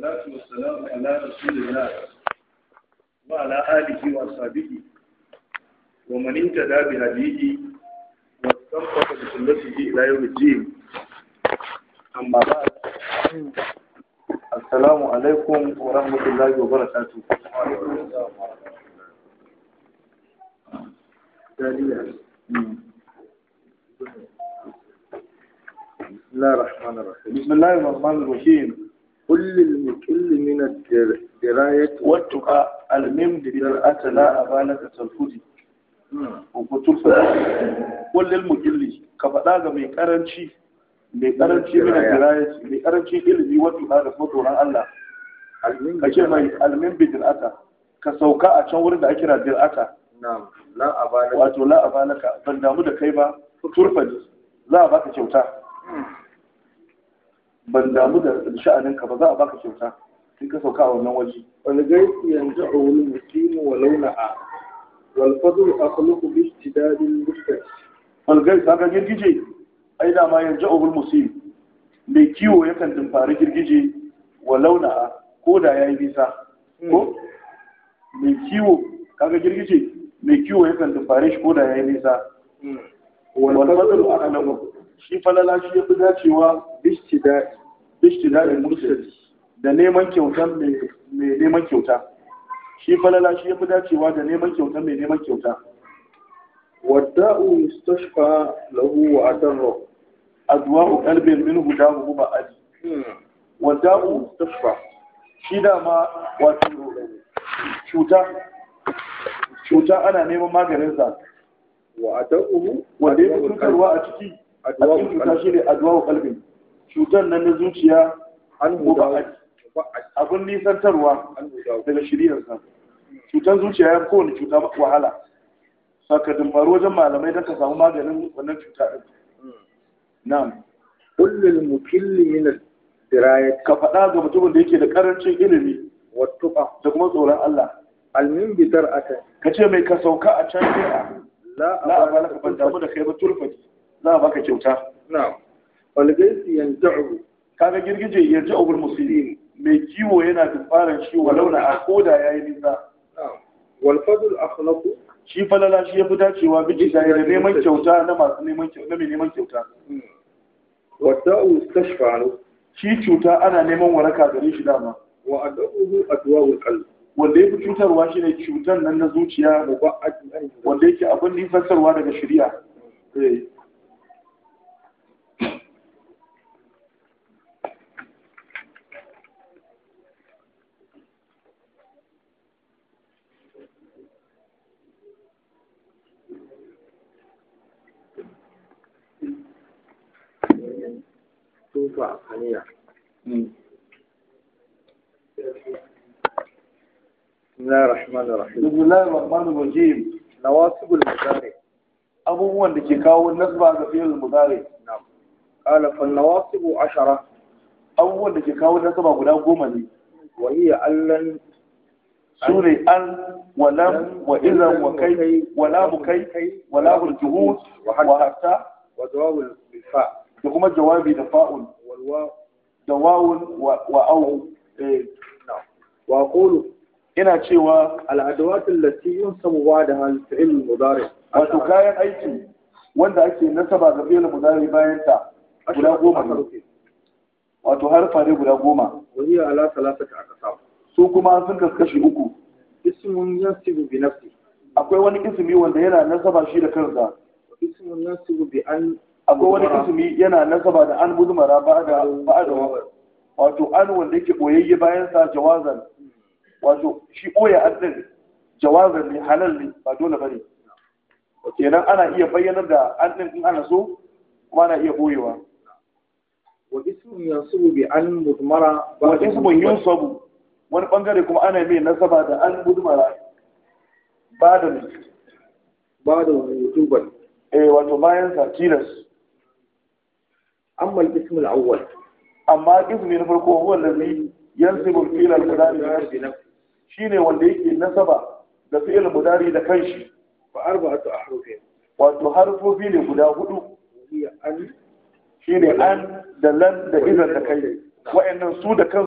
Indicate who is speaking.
Speaker 1: والصلاة والسلام على رسول الله وعلى آله وأصحابه ومن اهتدى بهديه واستنبط بسنته إلى يوم الدين أما بعد السلام عليكم ورحمة الله وبركاته بسم الله الرحمن الرحيم بسم الله الرحمن الرحيم kullil muqilli min ad-dirayat wa tuqa al-mim dir'at la abalaka sulfudi hukutul fa kullil muqilli ka faɗa ga mai karanci mai karanci min ad-dirayat ka ce ka sauka a can wurin da ake kira dir'ata wato la abalaka ban damu da kai ba turfani za a baka kyauta hmm. ban damu da sha'anin ka ba za a baka kyauta sai ka sauka a wannan waje walgaisu yanzu a wurin muslimu wa launa a walfadul akhluqu bi istidadil mustaq walgaisu haka girgije ai da ma yanzu a wurin muslim mai kiwo yakan dimfari girgije wa launa a ko da yayi nisa ko hmm. mai kiwo kaga girgije mai kiwo yakan dimfari shi ko da yayi nisa hmm. walfadul akhluqu shi falala shi ya fi dacewa bishti istidadil bishtirar mursali da neman kyauta mai neman kyauta shi falala shi ya fi dacewa da neman kyauta mai neman kyauta wadda'u yustashfa lahu wa adarra adwa'u qalbin min hu ba adi wadda'u yustashfa shi dama wato cuta cuta ana neman maganin sa wa adarro wadda ya cutarwa a ciki a cikin cuta shi ne u qalbin cutar nan na zuciya an huda abin nisantarwa daga shiriyarsa cutar zuciya ya kowane cuta wahala saka dumbaru wajen malamai don ka samu maganin wannan cuta ɗin na'am kullum mukilli yana dirayat ka faɗa ga mutumin da yake da karancin ilimi wattuqa da kuma tsoron Allah almin bitar ka ce mai ka sauka a can la a ba ka ban damu da kai ba turfaki za a baka kyauta na'am falgaisi yanja'u kaga girgije yanja'u bil Musulmi. mai kiwo yana tumbaran shi walau na ya yi nisa wal fadl akhlaqu shi falala shi ya fi dacewa biki da neman kyauta na masu neman kyauta mai neman kyauta wadda ustashfa shi cuta ana neman waraka gare shi dama wa adahu adwa'ul qalb wanda yake cutarwa shi ne cutar nan na zuciya wanda yake abin nisantarwa daga shari'a kuka a kaniya بسم الله abubuwan da ke kawo nasba ga fi'il mudari na wasu nawasib ashara abubuwan da ke kawo nasba guda goma ne wa hiya allan ne an wa wa izan wa kai wala bu kai wala bu wa hatta wa jawabin fa da kuma jawabi da fa'un da wawun wa au eh, wa ina cewa al'adawatul lati yunsabu ba'da da fil mudari wato kayan aiki wanda ake nasaba ga fi'l mudari bayan ta guda goma wato harfa ne guda goma wani ala ka aqsam su kuma sun kaskashi uku ismun yansibu bi nafsi akwai wani ismi wanda yana nasaba shi da kansa ismun yansibu bi an akwai wani ismi yana nasaba da an muzmara ba da ba wato an wanda yake boyayye bayan sa jawazan wato shi boye an jawazan ne halal ne ba dole bane kenan ana iya bayyanar da an din in ana so kuma ana iya boyewa wa ismun yansubu bi an muzmara wa ismun yansubu wani bangare kuma ana mai nasaba da an muzmara ba da ba da tubal eh wato bayan sa tilas amma al awwal amma ismi na farko huwa allazi yansibu al-fi'l al-mudari shine wanda yake nasaba da fi'il mudari da kanshi fa arba'atu ahrufin wato harfofi ne guda hudu shine an da lan da